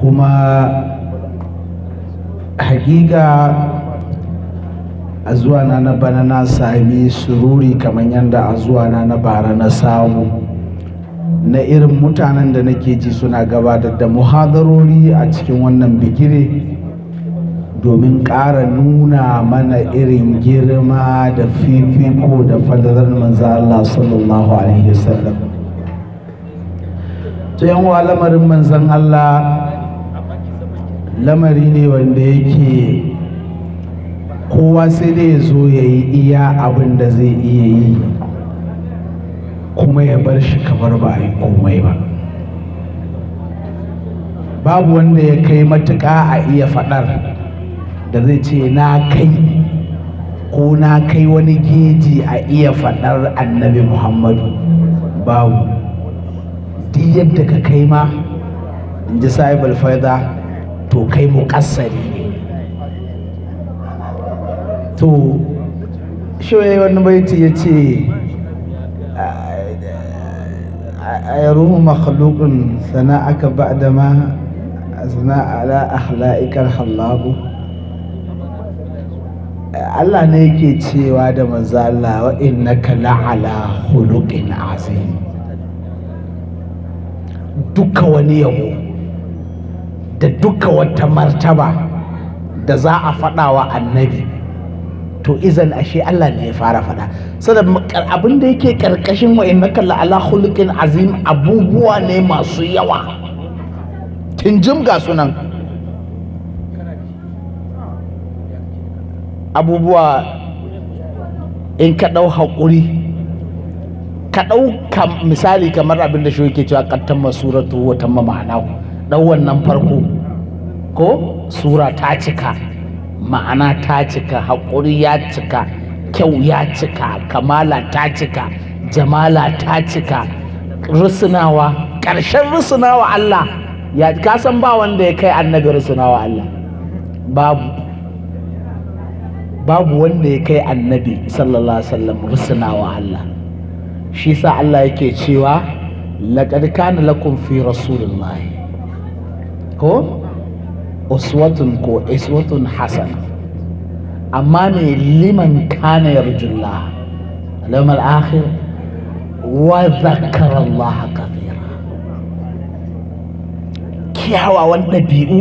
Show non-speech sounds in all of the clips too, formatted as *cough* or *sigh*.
kuma hakika a zuwa na na bana na sami sururi kamar yadda a zuwa na na bara na samu na irin mutanen da nake ji suna gabatar da muhadarori a cikin wannan bigire domin ƙara nuna mana irin girma da fifiko da fadarar manzo Allah sallallahu alaihi wasallam to yan lamarin manzon Allah lamari ne wanda yake kowa sai dai ya zo ya yi iya abin da zai iya yi kuma ya bar shi kamar ba a yi komai ba babu wanda ya kai matuka a iya faɗar da zai ce na kai ko na kai wani geji a iya faɗar annabi muhammadu babu duk yadda ka kai ma in ji sahib alfaida to kai kasari ne to shoye wani baiti ya ce a ruhu makhlukun ba da ma sana'a ala akhla'ikar halabu, Allah ne yake cewa da manzo Allah wa innaka la'ala khuluqin azim duka wani yabo da duka wata martaba da za a faɗa wa annabi to izan ashe Allah ne ya fara faɗa saboda abin da yake karkashin wa inna kalla ala khuluqin azim abubuwa ne masu yawa tinjim ga sunan abubuwa in ka ɗau haƙuri ka ɗau misali kamar abin da shi yake cewa kattan masuratu wa tamma ma'anahu Ɗan wannan farko ko sura ta cika ma'ana ta cika haƙuri ya cika kyau ya cika kamala ta cika jamala ta cika rusunawa ƙarshen rusunawa Allah ya kasan ba wanda ya kai annabi rusunawa Allah babu babu wanda ya kai annabi sallallahu alaihi wasallam rusunawa Allah shi sa Allah yake cewa laqad kana lakum fi rasulillahi ko uswatun ko iswatun hasana amma ne liman kana yarjullah اليوم الآخر وذكر الله كثيرا kyawawan ɗabi'u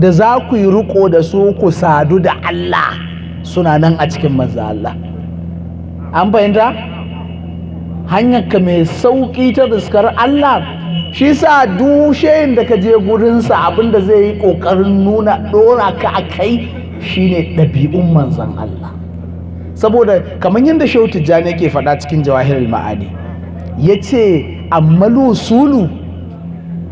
da za ku yi riko da su ku sadu da Allah suna nan a cikin manzo Allah an fahimta hanyar ka mai sauƙi ta riskar Allah shi sa dushe da ka je gurinsa abinda zai yi ƙoƙarin nuna ɗora ka a kai shine ɗabi'un manzan Allah saboda kamar yadda shehu tijjani yake faɗa cikin jawahirul ma'ani ya ce ammalu usulu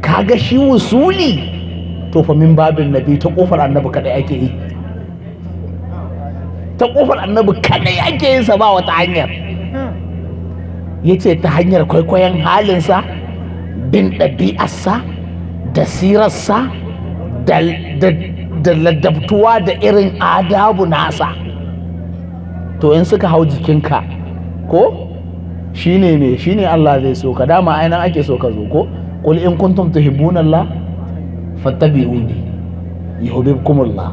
kaga shi usuli to fa babin nabi ta kofar annabi kaɗai ake yi ta kofar annabi kaɗai ake yin sa ba wata hanyar ya ce ta hanyar kwaikwayon halinsa bin ɗabi'arsa da sirarsa da ladabtuwa da irin adabu nasa to in suka hau jikinka ko ne shi ne Allah zai so ka dama ainihin ake so ka zo ko qul in kuntum tuhibbuna Allah fattabi'uni yuhibbukumullah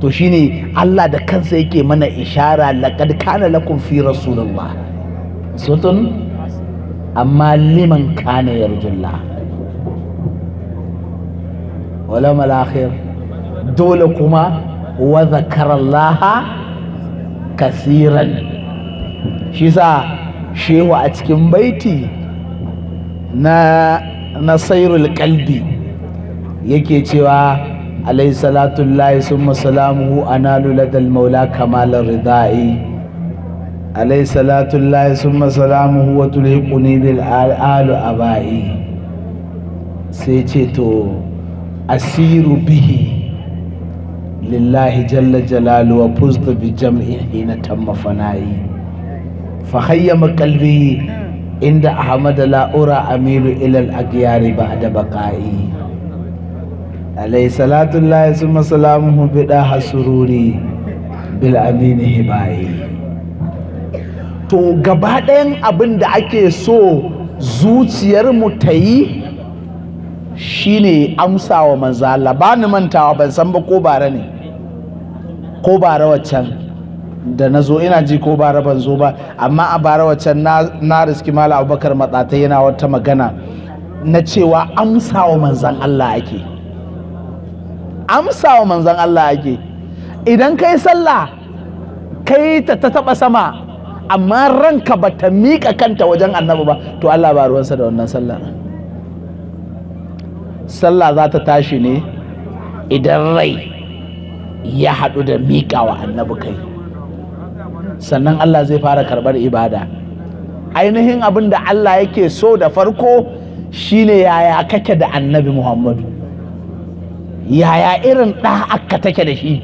to shine Allah da kansa yake mana ishara laqad kana lakum fi rasulillah sutun amma liman kana yarjullah wala malakhir dole kuma wa zakarallaha kasiran shi sa shehu a cikin baiti na nasairul kalbi yake cewa alaihi salatullahi sun masalamuhu analu ladal maula kamalar rida'i عليه صلاة الله ثم سلامه وتلحقني بالآل أبائي سيتو أسير به lillahi jalla jalalu wa fuzta bi jam'ihi na tamma fa hayyama qalbi inda ahmad la ura ilal ila al aghyari ba'da baqa'i alayhi salatu llahi summa salamuhu bi da hasururi bil amini hibai to gaba ɗayan abin da ake so zuciyarmu ta yi shine amsawa manzo Allah ba ni mantawa ban san ba ko bara ne ko bara waccan da na zo ina ji ko bara ban zo ba amma a bara waccan na riski mala abubakar matsata yana wata magana na cewa amsawa manzan Allah ake amsawa manzan Allah ake idan kai sallah kai ta ta taba sama amma ranka ba ta miƙa kanta wajen annabi ba to Allah ba ruwansa da wannan sallar sallah za ta tashi ne idan rai ya haɗu da miƙawa annabi kai sannan Allah zai fara karɓar ibada ainihin abin da Allah yake so da farko shine yaya kake da annabi Muhammadu yaya irin ɗa aka take da shi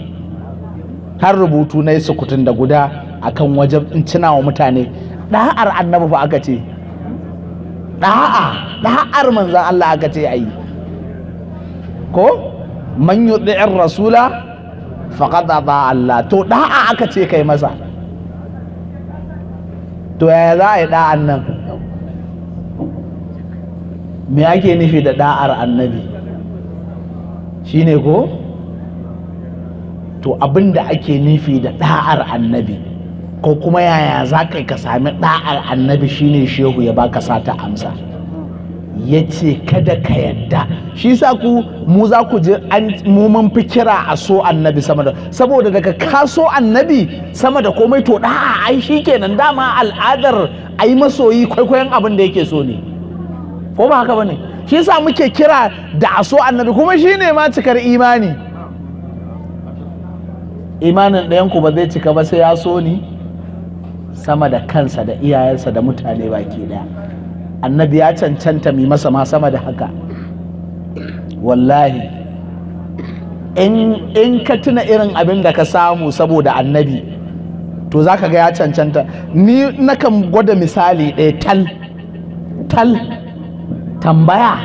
har rubutu na yi sukutun da guda akan wajen cina wa mutane da'ar annabi fa aka ce da'a da'ar manzan Allah aka ce ayi ko man yuti'ir rasula faqad ata Allah to da'a aka ce kai masa to yaya za a yi da'an nan me ake nufi da da'ar annabi shine ko to abin da ake nufi da da'ar annabi ko kuma yaya za ka ka sami ɗa'ar annabi shine shehu ya baka sata amsa ya ce kada ka yadda shi sa ku mu za ku ji mu mun fi kira a so annabi sama da saboda daga ka so annabi sama da komai to da'a ai shi kenan dama al'adar ai masoyi kwaikwayon abin da yake so ne ko ba haka bane shi sa muke kira da a so annabi kuma shi ne ma cikar imani imanin ɗayan ku ba zai cika ba sai ya so ni sama da kansa da iyayensa da mutane baki daya annabi ya cancanta mai masa ma sama da haka wallahi in ka tuna irin abin da ka samu saboda annabi to za ka ga ya cancanta ni nakan gwada misali ɗaya tal tal tambaya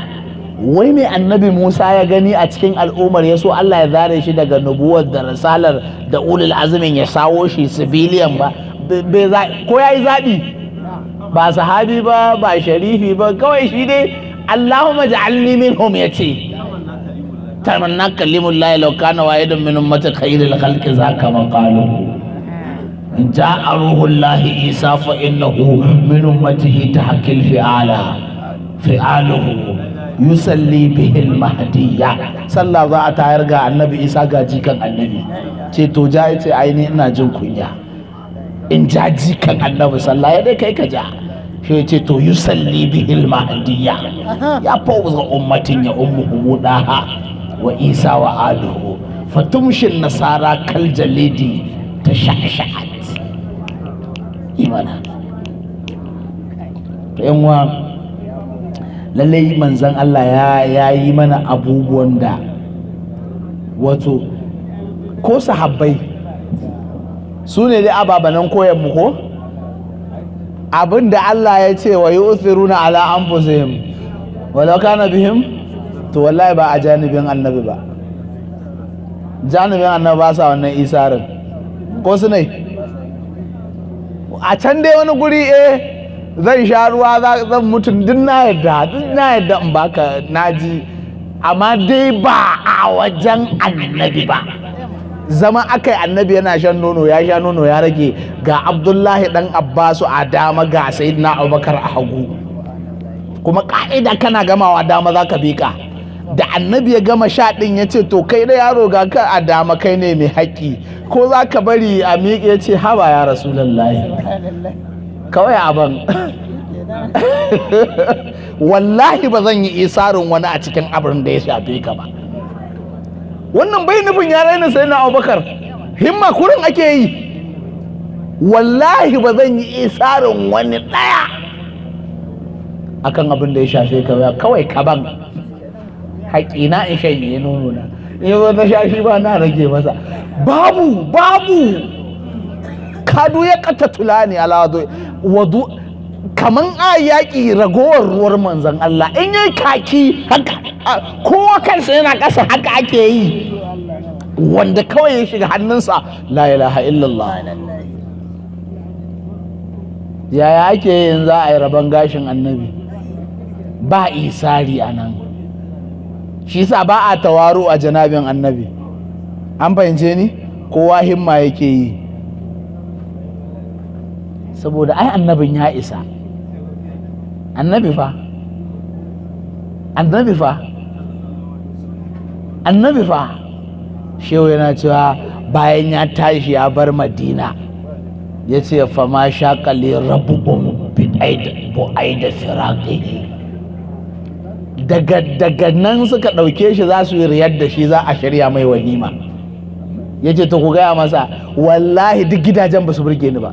wai mai annabi musa ya gani a cikin al'ummar ya so allah ya zare shi daga nubuwar da risalar da ulul azumin ya sawo shi sibiliyan ba ko ya yi zaɓi ba sahabi ba ba sharifi ba kawai shi dai allahumma ja'alni minhum ya ce tamanna kalimun layi laukana wa yadda min ummata khairil khalqi zaka maqalu جاء روح الله عيسى فإنه من أمته تحكي الفعال فعاله yusalli bihil mahdiya sallah za a tayar ga annabi isa ga jikan annabi ce to ja ce aini ina jin kunya in jaji kan annabi sallah ya dai kai ka ja shi ce to yi salli bihil mahdiya *laughs* ya fawza ummatin ya ummu hudaha wa isa wa aduhu fatumshin nasara kal jalidi ta sha'asha'at imana ta yanwa lallai manzan Allah ya yi mana abubuwan da wato ko sahabbai su ne dai ababanan koyan mu ko abin da Allah ya ce wa yu'thiruna ala anfusihim walau kana bihim to wallahi ba a janibin annabi ba janibin annabi ba sa wannan isarin ko su ne a can dai wani guri eh zan sha ruwa zan mutum duk na yadda duk na yadda in baka naji amma dai ba a wajen annabi ba zama akai annabi yana shan nono ya sha nono ya rage ga abdullahi dan abbasu a dama ga sayyidina abubakar a hagu kuma ka'ida kana gamawa dama za ka bika da annabi ya gama sha ɗin ya ce to kai da yaro ga ka a dama kai ne mai haƙƙi ko za ka bari a miƙe ya ce haba ya lallahi. kawai abin *laughs* wallahi ba zan yi isarin wani a cikin abin da ya shafe ka ba wannan bai nufin ya raina sai na abubakar himma kurin ake yi wallahi ba zan yi isarin wani ɗaya akan abin da ya shafe ka ba kawai ka ban haƙina in shanye nono na in zo na shashi ba na rage masa babu babu kadu ya kata ne ala wadu kaman a yaƙi ragowar ruwar manzan Allah in yi kaki haka kowa kansa yana ƙasa haka ake yi wanda kawai ya shiga hannunsa la ilaha illallah yaya ake yin za a yi rabon gashin annabi ba isari a nan shi sa ba a tawaru a janabin annabi an fahimce ni kowa himma yake yi saboda ai annabin ya isa annabi fa annabi fa annabi fa shehu yana cewa bayan ya tashi ya bar madina ya ce fama shakali rabu'un bu'ai da firaƙi daga nan suka ɗauke shi za su yi riyar da shi za a shirya mai walima ya ce ta ku gaya masa wallahi duk gidajen ba su burge ni ba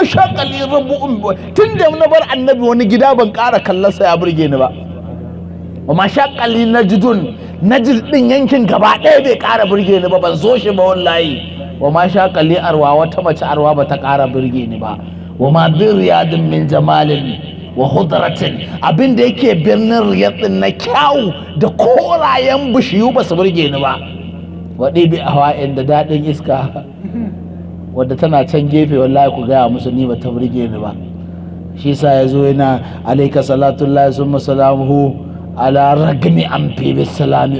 ma shaƙali rabu'un tun da na bar annabi wani gida ban ƙara sa ya burge ni ba wa ma na jidun na ɗin yankin gaba ɗaya bai ƙara burge ni ba ban zo shi ba wallahi wa ma shaƙali arwa wata mace arwa ba ta ƙara burge ni ba wa ma bin riyadin min jamalin wa hudratin abin da yake birnin riyar ɗin na kyau da korayen bishiyu ba su burge ni ba waɗi bi hawa'in da daɗin iska wadda tana can gefe wallahi ku gaya musu ni ba ta burge ni ba shi sa ya zo yana alaika salatullahi summa salamuhu ala ragmi an fi salami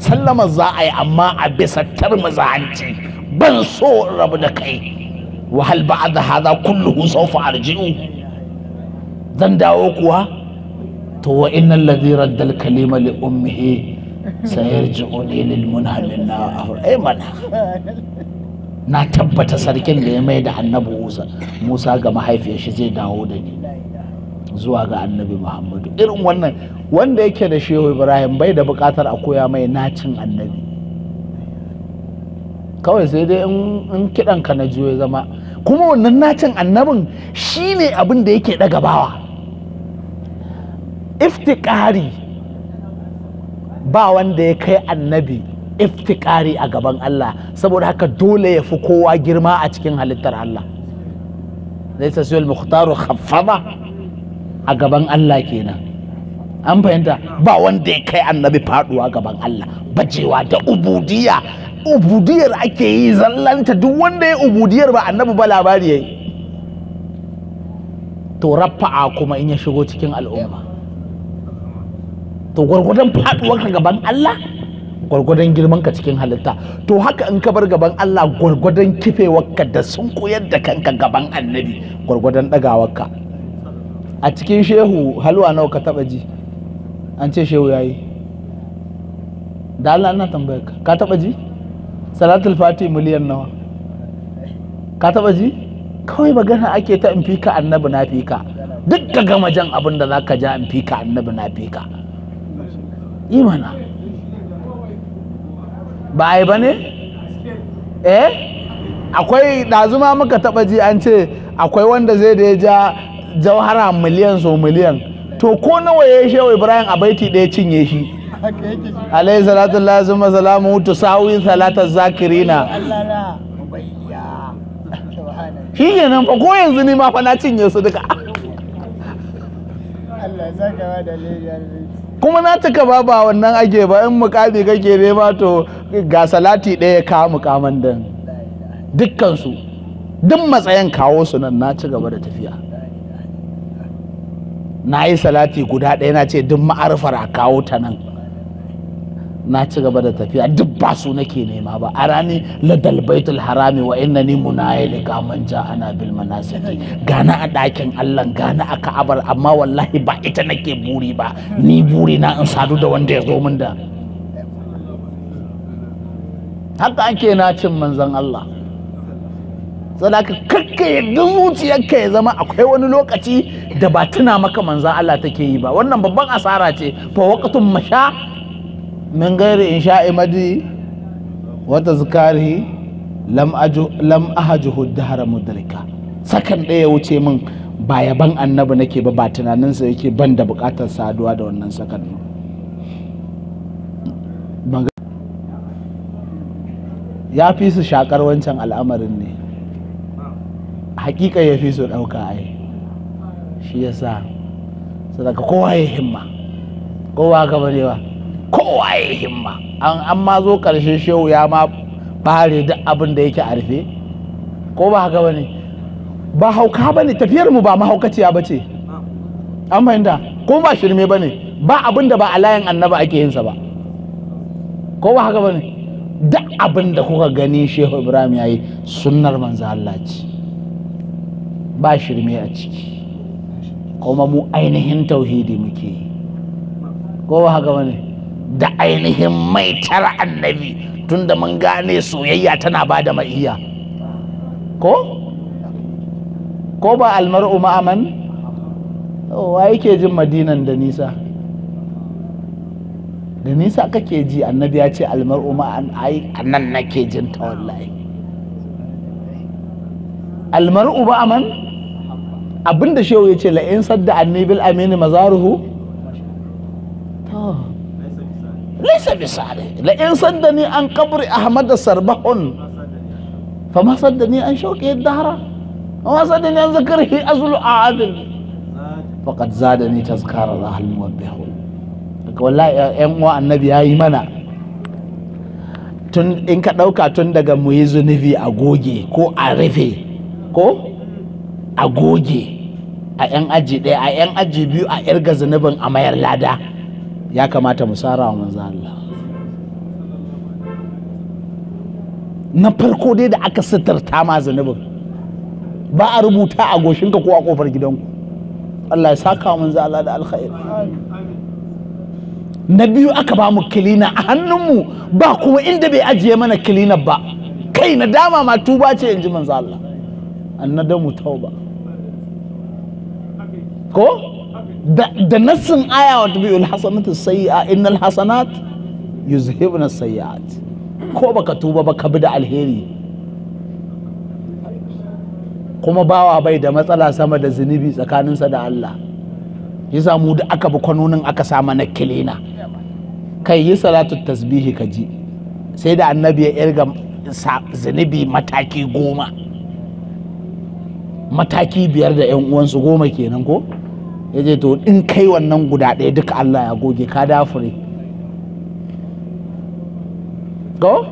sallama za a yi amma a bisa tarmazanci ban so rabu da kai wahal da hada kulluhu sawfa arji'u zan dawo kuwa to wa innal ladhi radda al kalima li ummihi sayarji'u lil munhamina ai mana na tabbata sarkin da ya mai da annabi musa musa ga mahaifiyar zai dawo da ni zuwa ga annabi muhammadu irin wannan wanda yake da shehu ibrahim bai da bukatar a koya mai nacin annabi kawai sai dai in kiɗanka na juyo zama kuma wannan nacin annabin shine abin da yake ɗaga bawa iftikari ba wanda ya kai annabi iftikari a gaban Allah saboda haka dole ya fi kowa girma a cikin halittar Allah zai sa suyal mukhtaru a gaban Allah kenan an fahimta ba wanda ya kai annabi faduwa gaban Allah bajewa da ubudiya, ubudiyar ake yi zallanta duk wanda ya ubudiyar ba annabi ba labari yayi to rafa'a kuma in ya shigo cikin al'umma to gwargwadon faduwarka gaban Allah gwargwadon girman ka cikin halitta to haka in ka bar gaban Allah gwargwadon kifewarka da sun koyar da kanka gaban annabi gwargwadon ɗagawarka a cikin shehu halwa nawa ka taɓa ji an ce shehu yayi da Allah na tambayar ka ka taɓa ji salatul fati miliyan nawa ka taɓa ji kawai magana ake ta in fika annabi na fika duk ka gama jan abin da za ka ja in fika annabi na fika imana ba a yi ba ne eh akwai ɗazuma muka taɓa ji an ce akwai wanda zai da ya ja jauhara miliyan so miliyan to ko nawa ya yi shewa ibrahim a baiti ɗaya cinye shi alayhi salatu lazima salamu tu sawi salatar zakirina shi ke nan fa ko yanzu ni ma fa na cinye su duka Allah kuma na cika ba ba wannan ake ba in mukami kake nema to ga salati ɗaya ka mukaman din dukkansu duk matsayin kawo su nan na ci gaba da tafiya na yi salati guda ɗaya na ce duk ma'arfar a kawo ta nan na ci gaba da tafiya duk ba su nake nema ba a rani la dalbaitul harami wa inna ni munayilika man ja ana bil manasiki gana a dakin Allah gana a ka'abar amma wallahi ba ita nake buri ba ni buri na in sadu da wanda ya zo min da haka ake na cin manzon Allah sadaka kakka yadda zuciyarka ya zama akwai wani lokaci da ba tuna maka manzon Allah take yi ba wannan babban asara ce fa waqtun masha min gairi in sha Imadi wata zikari lam ahajuhu dahara mudrika sakan ɗaya wuce min ba yaban annabi nake ba ba tunaninsa yake ban da buƙatar saduwa da wannan sakan ya fi su shakar wancan al'amarin ne hakika ya fi su ɗauka ai shi yasa sadaka kowa ya himma kowa ka barewa kowa ya himma an ma zo ƙarshe shehu ya ma bare duk abin da yake a rufe ko ba haka ba ne ba hauka ba ne mu ba mahaukaciya ba ce an fahimta ko ba shirme ba ne ba abin da ba a layin annaba ake yinsa ba ko ba haka ba ne duk abin da kuka gani shehu ibrahim ya yi sunnar manzo Allah ce ba shirme a ciki kuma mu ainihin tauhidi muke ko ba haka ba ne da ainihin maitar annabi tunda mun gane soyayya tana ba da ma'iya ko? ko ba almar'u ma'aman wa yake jin madinan da nisa da nisa kake ji annabi ya ce almar'u ma'an ai nan nake jin ta wallahi almar'u ma'aman abinda shehu ya ce la'in sadda annabil amini mazaruhu laisa bisale la in saddani an qabri ahmad sarbahun fa ma saddani an shauqi dahra wa ma saddani an zakarihi azlu aadil faqad zadani tazkara mubahu muwabbihu wallahi yan uwa annabi yayi mana tun in ka dauka tun daga mu yi zunubi a goge ko a rufe ko a goge a yan aji ɗaya a yan aji biyu a irga zunubin a mayar lada ya kamata mu tsara wa manzo Allah na farko dai da aka ta ma zanubin ba a rubuta a goshinka ko a kofar gidanku Allah ya saka wa manzo Allah da alkhair na biyu aka ba mu kilina a hannunmu ba kuma inda bai ajiye mana kilina ba kai na dama ma tuba ce in ji manzo Allah damu tauba ko da nassin aya wa tabi'ul hasanatu sayi'a innal hasanat yuzhibna sayi'at ko baka tuba ba ka bi da alheri kuma bawa bai da matsala sama da zunubi tsakaninsa da Allah ya samu da aka bi kwanonin aka sama na kilina? kai yi salatu tasbihi ka ji sai da annabi ya irga zunubi mataki goma mataki biyar da 'yan uwansu goma kenan ko? ya je to in kai wannan guda ɗaya duka Allah ya goge ka dafure ko.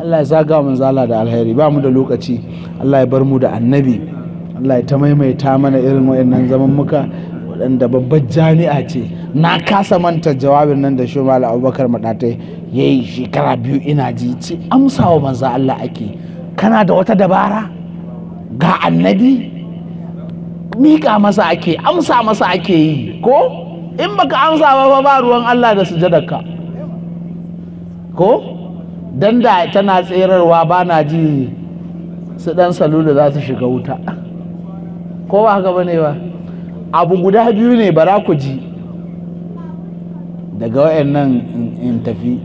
Allah ya zaga mun zala da alheri ba mu da lokaci Allah ya bar mu da annabi Allah ya ta maimaita mana irin waannan zaman muka waɗanda babbar jami'a ce na kasa manta jawabin nan da shi mala abubakar maɗatai ya yi shekara biyu ina ji ce wa manza Allah ake kana da wata dabara ga annabi miƙa masa ake amsa masa ake yi ko in baka amsa ba ba ruwan Allah da sujadarka ko dan da tana tserarwa ba na ji su dan salulu za su shiga wuta ko ba haka bane ba abu guda biyu ne bara ku ji daga wayannan in tafi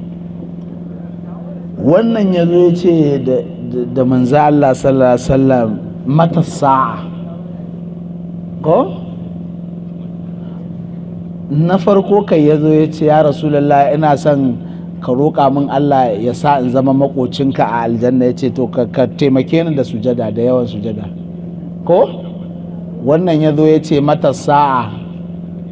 wannan yazo zo ya ce da manzo Allah sallallahu alaihi wasallam mata ko na farko kai ya zo ya ce ya rasulallah ina son ka roƙa min Allah ya sa in zama makocinka a aljanna ya ce to ka taimake ni da sujada da yawan sujada ko wannan ya zo ya ce mata sa'a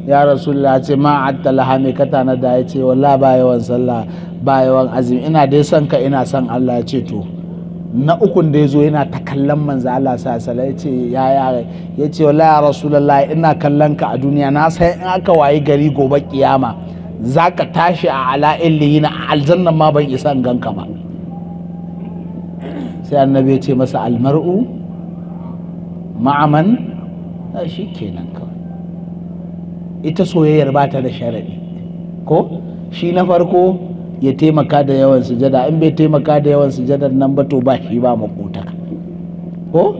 ya rasulallah ce ma attala ka tana da ya ce walla ba yawan sallah ba yawan azumi ina dai son ka ina son Allah ya ce to na ukun da ya zo yana ta kallon manzo Allah sasala ya ce ya ya ce wala ya rasulallah ina kallon ka a duniya na san in aka wayi gari gobe kiyama zaka tashi a ala'in liyina a aljannan ma ban isa in ganka ba sai annabi ya ce masa almar'u ma'aman shi kenan kawai ita soyayyar ba ta da sharadi ko shi na farko ya taimaka da yawan sujada in bai taimaka da yawan sujadar nan ba to ba shi ba makota ko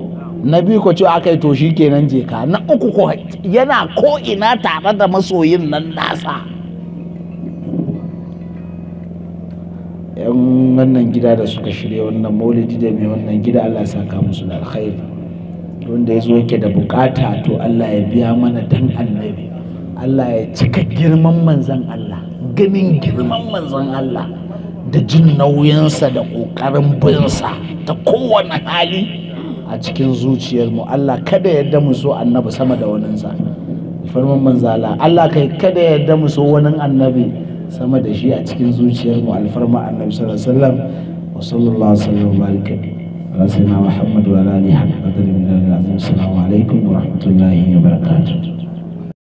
na biyu ko ce aka yi to shi kenan je ka na uku ko yana ko ina tare da masoyin nan nasa yan wannan gida da suka shirya wannan maulidi da mai wannan gida Allah saka musu da alkhairi wanda ya zo yake da bukata to Allah ya biya mana dan annabi Allah ya cika girman manzan Allah ganin girman manzan Allah da jin nauyinsa da ƙoƙarin binsa ta kowane hali a cikin zuciyarmu Allah kada yadda mu so annabi sama da waninsa farman manzala Allah kai kada yadda mu so wani annabi sama da shi a cikin zuciyarmu alfarma annabi sallallahu alaihi wasallam wa sallallahu alaihi wasallam barika ala sayyidina muhammad wa sallam alihi wa wa rahmatullahi wa barakatuh